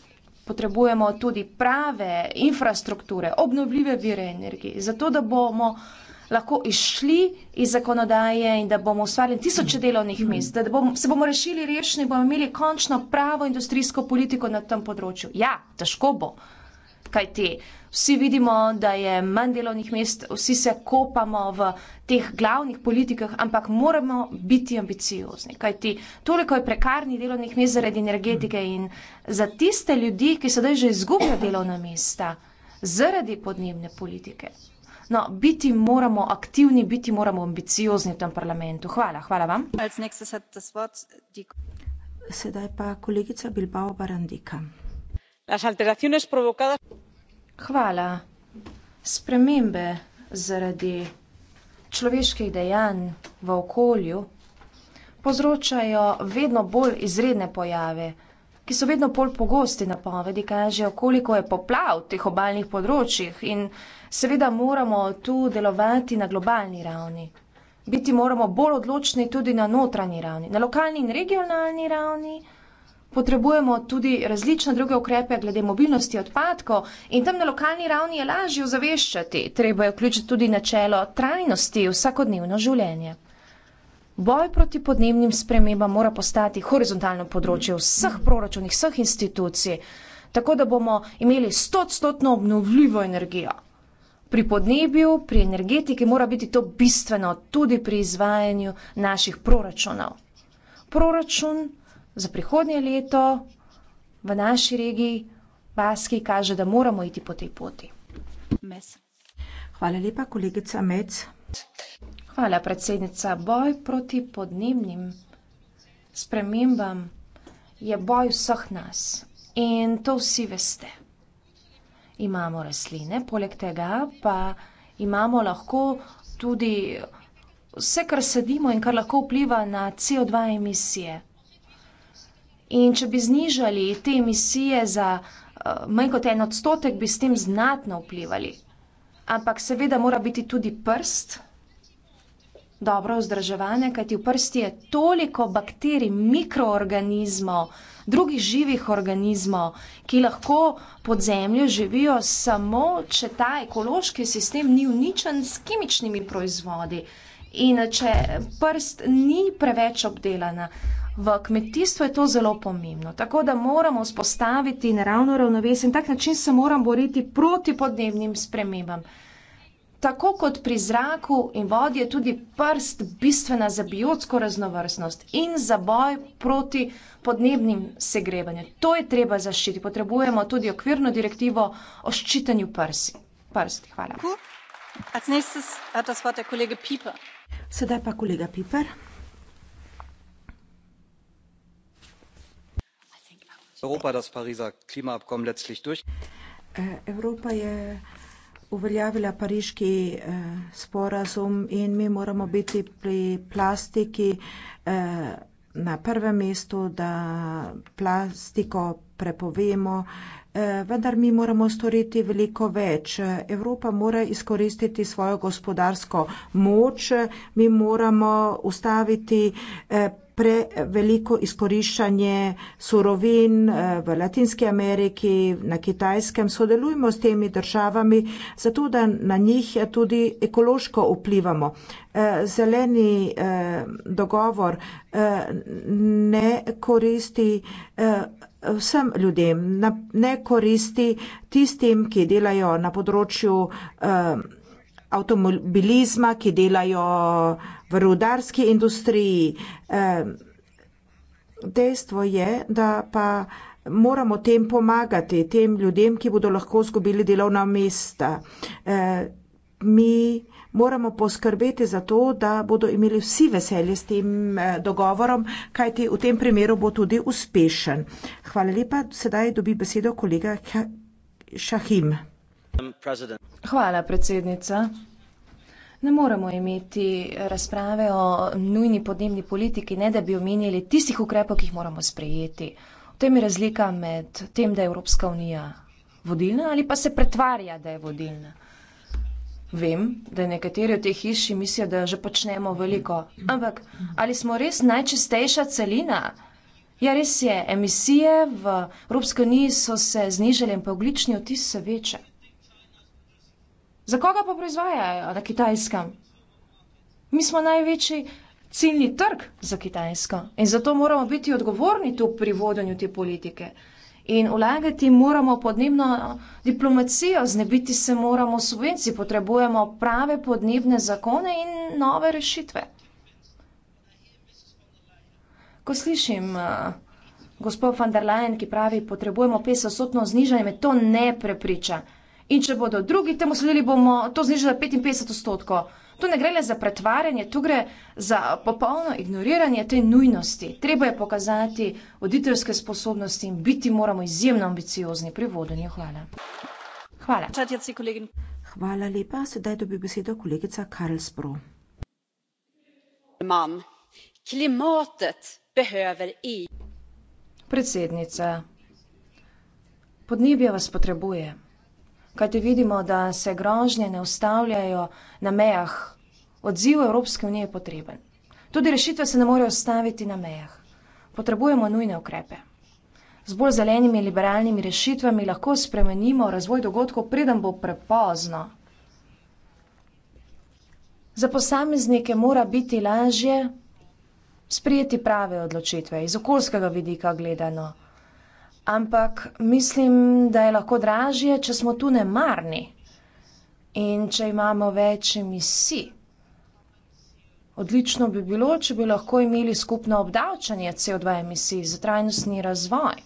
Potrebujemo tudi prave infrastrukture, obnovljive vire energije, zato da bomo lahko izšli iz zakonodaje in da bomo ustvarili tisoče delovnih mhm. mest, da bom, se bomo rešili rešni, bomo imeli končno pravo industrijsko politiko na tem področju. Ja, težko bo, kaj te. Vsi vidimo, da je manj delovnih mest, vsi se kopamo v teh glavnih politikah, ampak moramo biti ambiciozni. Kaj ti, toliko je prekarnih delovnih mest zaradi energetike in za tiste ljudi, ki sedaj že izgubijo delovna mesta zaradi podnebne politike. No, biti moramo aktivni, biti moramo ambiciozni v tem parlamentu. Hvala, hvala vam. Sedaj pa kolegica Bilbao Barandika. Hvala. Spremembe zaradi človeških dejanj v okolju povzročajo vedno bolj izredne pojave, ki so vedno bolj pogosti napovedi, kažejo, koliko je poplav v teh obaljnih področjih in Seveda moramo tu delovati na globalni ravni. Biti moramo bolj odločni tudi na notranji ravni. Na lokalni in regionalni ravni potrebujemo tudi različne druge ukrepe glede mobilnosti odpadkov in tam na lokalni ravni je lažje ozaveščati. Treba je vključiti tudi načelo trajnosti v vsakodnevno življenje. Boj proti podnebnim spremembam mora postati horizontalno področje vseh proračunih, vseh institucij, tako da bomo imeli stotstotno obnovljivo energijo pri podnebju, pri energetiki mora biti to bistveno tudi pri izvajanju naših proračunov. Proračun za prihodnje leto v naši regiji Baski kaže, da moramo iti po tej poti. Mes. Hvala lepa, kolegica Mec. Hvala, predsednica. Boj proti podnebnim spremembam je boj vseh nas. In to vsi veste imamo rastline, poleg tega pa imamo lahko tudi vse, kar sedimo in kar lahko vpliva na CO2 emisije. In če bi znižali te emisije za uh, manj kot en odstotek, bi s tem znatno vplivali. Ampak seveda mora biti tudi prst dobro vzdrževanje, kajti v prsti je toliko bakterij, mikroorganizmov, drugih živih organizmov, ki lahko pod zemljo živijo samo, če ta ekološki sistem ni uničen s kemičnimi proizvodi in če prst ni preveč obdelana. V kmetijstvu je to zelo pomembno, tako da moramo vzpostaviti naravno ravnovesje in tak način se moram boriti proti podnebnim spremembam tako kot pri zraku in vodi, je tudi prst bistvena za biotsko raznovrstnost in za boj proti podnebnim segrevanjem. To je treba zaščiti. Potrebujemo tudi okvirno direktivo o ščitanju prsi. prsti. Hvala. Sedaj pa kolega Piper. Evropa je Pariza klimaabkom letztlich durch. Äh, Evropa je uveljavila pariški eh, sporazum in mi moramo biti pri plastiki eh, na prvem mestu, da plastiko prepovemo. Eh, vendar mi moramo storiti veliko več. Evropa mora izkoristiti svojo gospodarsko moč, mi moramo ustaviti eh, preveliko izkoriščanje surovin eh, v Latinski Ameriki, na Kitajskem. Sodelujmo s temi državami, zato da na njih tudi ekološko vplivamo. Eh, zeleni eh, dogovor ne koristi vsem ljudem, ne koristi tistim, ki delajo na področju avtomobilizma, ki delajo v rudarski industriji. Dejstvo je, da pa moramo tem pomagati, tem ljudem, ki bodo lahko zgubili delovna mesta. Mi moramo poskrbeti za to, da bodo imeli vsi veselje s tem e, dogovorom, kajti v tem primeru bo tudi uspešen. Hvala lepa. Sedaj dobi besedo kolega Šahim. Hvala, predsednica. Ne moremo imeti razprave o nujni podnebni politiki, ne da bi omenili tistih ukrepov, ki jih moramo sprejeti. V tem je razlika med tem, da je Evropska unija vodilna ali pa se pretvarja, da je vodilna. Vem, da nekateri v tej hiši mislijo, da že počnemo veliko, ampak ali smo res najčistejša celina? Ja, res je, emisije v Evropski uniji so se znižale in pa oglični odtis se veča. Za koga pa proizvajajo na kitajskem? Mi smo največji ciljni trg za kitajsko in zato moramo biti odgovorni tu pri vodenju te politike. In vlagati moramo podnebno diplomacijo, znebiti se moramo subvencij, potrebujemo prave podnebne zakone in nove rešitve. Ko slišim uh, gospod van der Leyen, ki pravi, potrebujemo 500-odstotno znižanje, me to ne prepriča. In če bodo drugi temu sledili, bomo to znižali 55 odstotkov. Tu ne gre le za pretvarjanje, tu gre za popolno ignoriranje te nujnosti. Treba je pokazati voditeljske sposobnosti in biti moramo izjemno ambiciozni pri vodenju. Hvala. Hvala. Hvala lepa. Sedaj dobi besedo kolegica Karlsbro. Predsednica, podnebje vas potrebuje kajte vidimo, da se grožnje ne ustavljajo na mejah. Odziv Evropske unije je potreben. Tudi rešitve se ne morejo staviti na mejah. Potrebujemo nujne ukrepe. Z bolj zelenimi in liberalnimi rešitvami lahko spremenimo razvoj dogodkov, preden bo prepozno. Za posameznike mora biti lažje sprijeti prave odločitve iz okoljskega vidika gledano ampak mislim, da je lahko dražje, če smo tu nemarni in če imamo več emisij. Odlično bi bilo, če bi lahko imeli skupno obdavčanje CO2 emisij za trajnostni razvoj.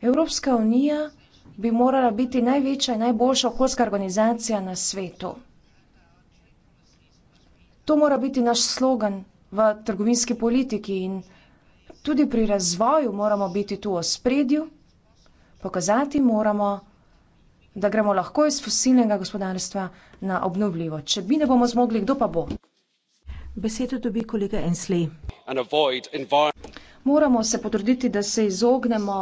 Evropska unija bi morala biti največja in najboljša okoljska organizacija na svetu. To mora biti naš slogan v trgovinski politiki in politiki tudi pri razvoju moramo biti tu v spredju, pokazati moramo, da gremo lahko iz fosilnega gospodarstva na obnovljivo. Če mi ne bomo zmogli, kdo pa bo? Besedo dobi kolega Ensley. Moramo se potruditi, da se izognemo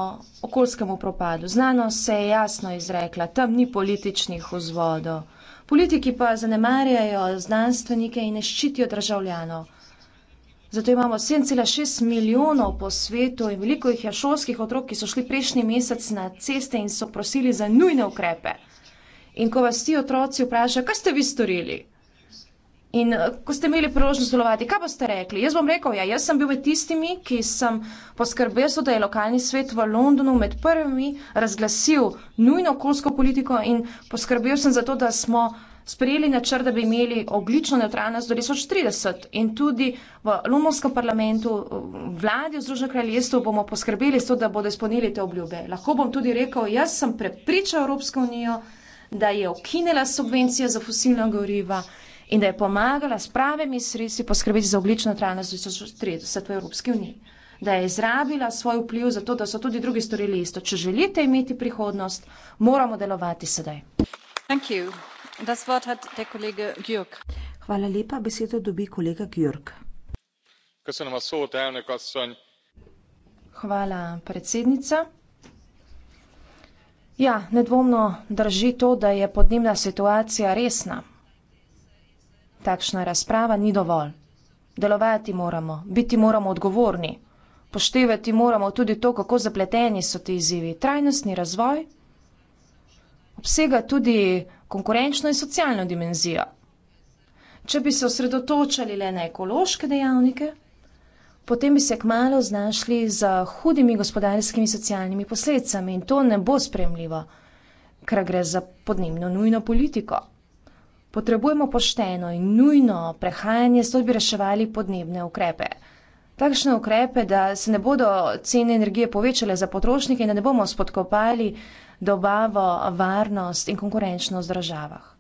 okoljskemu propadu. Znanost se je jasno izrekla, tam ni političnih vzvodov. Politiki pa zanemarjajo znanstvenike in ne ščitijo državljanov. Zato imamo 7,6 milijonov po svetu in veliko jih je šolskih otrok, ki so šli prejšnji mesec na ceste in so prosili za nujne ukrepe. In ko vas ti otroci vprašajo, kaj ste vi storili? In eh, ko ste imeli priložnost delovati, kaj boste rekli? Jaz bom rekel, ja, jaz sem bil med tistimi, ki sem poskrbel, da je lokalni svet v Londonu med prvimi razglasil nujno okoljsko politiko in poskrbel sem za to, da smo sprejeli načrt, da bi imeli oglično neutralnost do 2030 in tudi v Lumovskem parlamentu, vladi v Združenem kraljestvu bomo poskrbeli s to, da bodo izpolnili te obljube. Lahko bom tudi rekel, jaz sem prepričal Evropsko unijo, da je okinila subvencije za fosilna goriva in da je pomagala s pravimi sredstvi poskrbeti za oglično neutralnost do 2030 v Evropski uniji da je izrabila svoj vpliv za to, da so tudi drugi storili isto. Če želite imeti prihodnost, moramo delovati sedaj. Hvala. Hvala, predsednica. Ja, nedvomno drži to, da je podnebna situacija resna. Takšna razprava ni dovolj. Delovati moramo, biti moramo odgovorni. Poštevati moramo tudi to, kako zapleteni so ti izzivi. Trajnostni razvoj obsega tudi konkurenčno in socialno dimenzijo. Če bi se osredotočali le na ekološke dejavnike, potem bi se kmalo znašli za hudimi gospodarskimi in socialnimi posledicami in to ne bo spremljivo, ker gre za podnebno nujno politiko. Potrebujemo pošteno in nujno prehajanje, s to bi reševali podnebne ukrepe. Takšne ukrepe, da se ne bodo cene energije povečale za potrošnike in da ne bomo spodkopali dobavo, varnost in konkurenčnost v državah.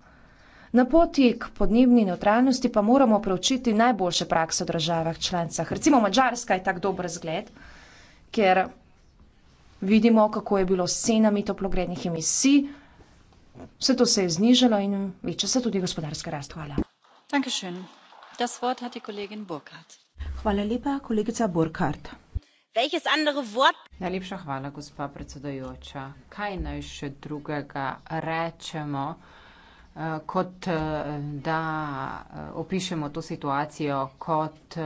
Na poti k podnebni neutralnosti pa moramo preučiti najboljše prakse v državah članicah. Recimo Mačarska je tak dober zgled, ker vidimo, kako je bilo s cenami toplogrednih emisij. Vse to se je znižalo in veča se tudi gospodarska rast. Hvala. Hvala lepa, kolegica Burkhardt. Welches andere Wort? Najlepša hvala, gospa predsedujoča. Kaj naj še drugega rečemo, eh, kot eh, da eh, opišemo to situacijo kot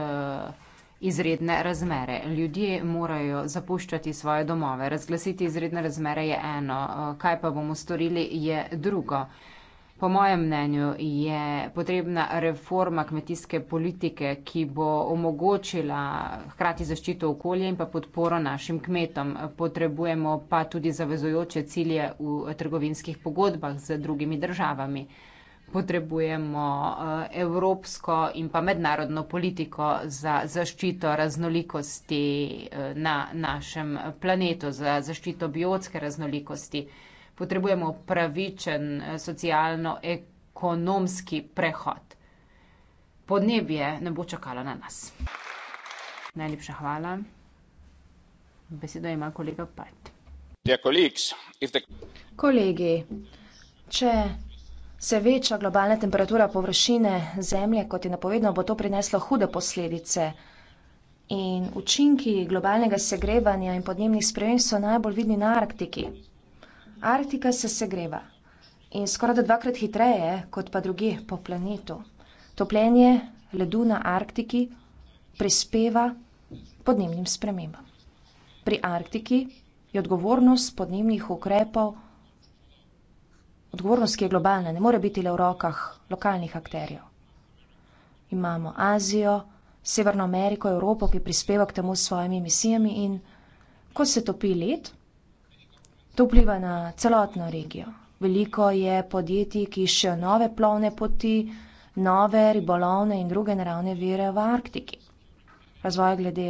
izredne razmere? Ljudje morajo zapuščati svoje domove. Razglasiti izredne razmere je eno, kaj pa bomo storili je drugo. Po mojem mnenju je potrebna reforma kmetijske politike, ki bo omogočila hkrati zaščito okolja in pa podporo našim kmetom. Potrebujemo pa tudi zavezojoče cilje v trgovinskih pogodbah z drugimi državami. Potrebujemo eh, evropsko in pa mednarodno politiko za zaščito raznolikosti eh, na našem planetu, za zaščito biotske raznolikosti potrebujemo pravičen eh, socialno-ekonomski prehod. Podnebje ne bo čakalo na nas. Najlepša hvala. Besedo ima kolega Pat. The... Kolegi, če se veča globalna temperatura površine Zemlje, kot je napovedano, bo to prineslo hude posledice. In učinki globalnega segrevanja in podnebnih sprememb so najbolj vidni na Arktiki. Arktika se segreva in skoraj da dvakrat hitreje kot pa druge po planetu. Topljenje ledu na Arktiki prispeva podnebnim spremembam. Pri Arktiki je odgovornost podnebnih ukrepov, odgovornost, ki je globalna, ne more biti le v rokah lokalnih akterjev. Imamo Azijo, Severno Ameriko, Evropo, ki prispeva k temu s svojimi misijami in ko se topi let, To vpliva na celotno regijo. Veliko je podjetij, ki iščejo nove plovne poti, nove ribolovne in druge naravne vire v Arktiki. Razvoj glede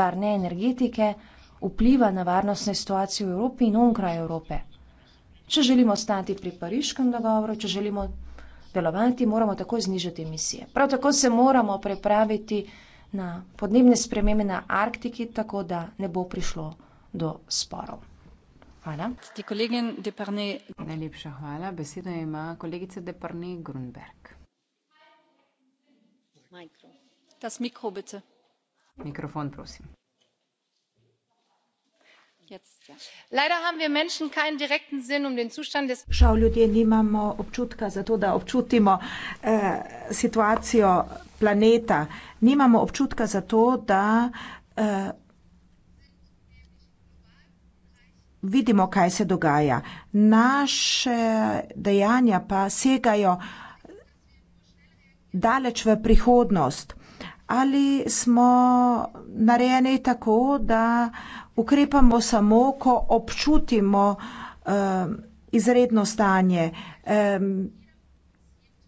varne energetike vpliva na varnostne situacije v Evropi in onkraj Evrope. Če želimo stati pri pariškem dogovoru, če želimo delovati, moramo takoj znižati emisije. Prav tako se moramo pripraviti na podnebne spremembe na Arktiki, tako da ne bo prišlo do sporov. Najlepša hvala. Besedo ima kolegica Deparnay Grunberg. Mikrofon, prosim. Ja. Um Žal ljudje nimamo občutka za to, da občutimo, eh, situacijo planeta. Nimamo občutka za to, da, eh, vidimo, kaj se dogaja. Naše dejanja pa segajo daleč v prihodnost. Ali smo narejeni tako, da ukrepamo samo, ko občutimo um, izredno stanje? Um,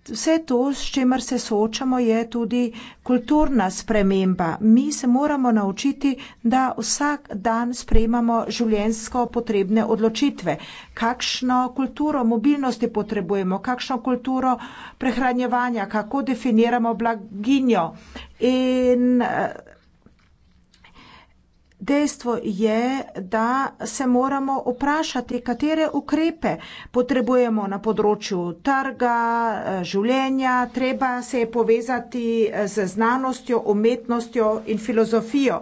vse to, s čemer se soočamo, je tudi kulturna sprememba. Mi se moramo naučiti, da vsak dan sprejemamo življenjsko potrebne odločitve. Kakšno kulturo mobilnosti potrebujemo, kakšno kulturo prehranjevanja, kako definiramo blaginjo. In eh, Dejstvo je, da se moramo vprašati, katere ukrepe potrebujemo na področju trga, eh, življenja. Treba se je povezati eh, z znanostjo, umetnostjo in filozofijo.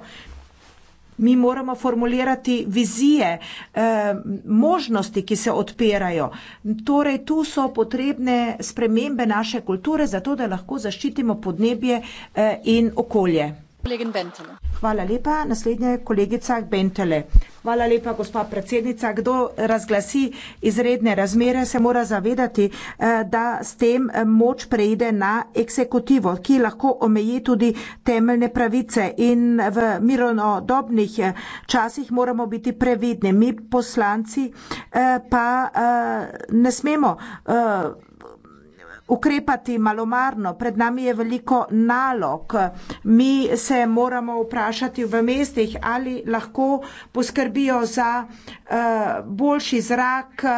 Mi moramo formulirati vizije, eh, možnosti, ki se odpirajo. Torej, tu so potrebne spremembe naše kulture, zato da lahko zaščitimo podnebje in okolje. Hvala lepa. Naslednja je kolegica Bentele. Hvala lepa, gospa predsednica. Kdo razglasi izredne razmere, se mora zavedati, eh, da s tem eh, moč preide na eksekutivo, ki lahko omeji tudi temeljne pravice. In v mirnodobnih eh, časih moramo biti previdni. Mi poslanci pa ne smemo ukrepati malomarno. Pred nami je veliko nalog. Mi se moramo vprašati v mestih, ali lahko poskrbijo za eh, boljši zrak, eh,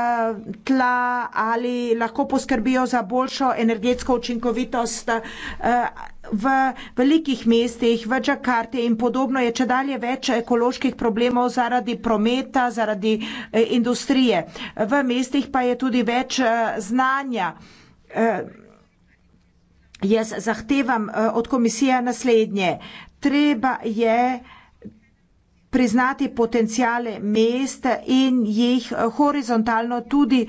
tla, ali lahko poskrbijo za boljšo energetsko učinkovitost eh, v velikih mestih, v Džakarti in podobno je če dalje več ekoloških problemov zaradi prometa, zaradi industrije. V mestih pa je tudi več znanja. Eh, jaz zahtevam eh, od komisije naslednje. Treba je priznati potencijale mest in jih eh, horizontalno tudi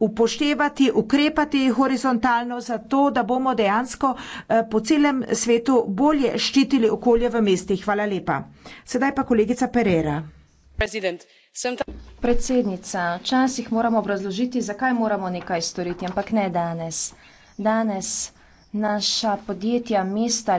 upoštevati, ukrepati horizontalno, zato da bomo dejansko po celem svetu bolje ščitili okolje v mestih. Hvala lepa. Sedaj pa kolegica Pereira. President. Predsednica, včasih moramo obrazložiti, zakaj moramo nekaj storiti, ampak ne danes. Danes naša podjetja, mesta ali.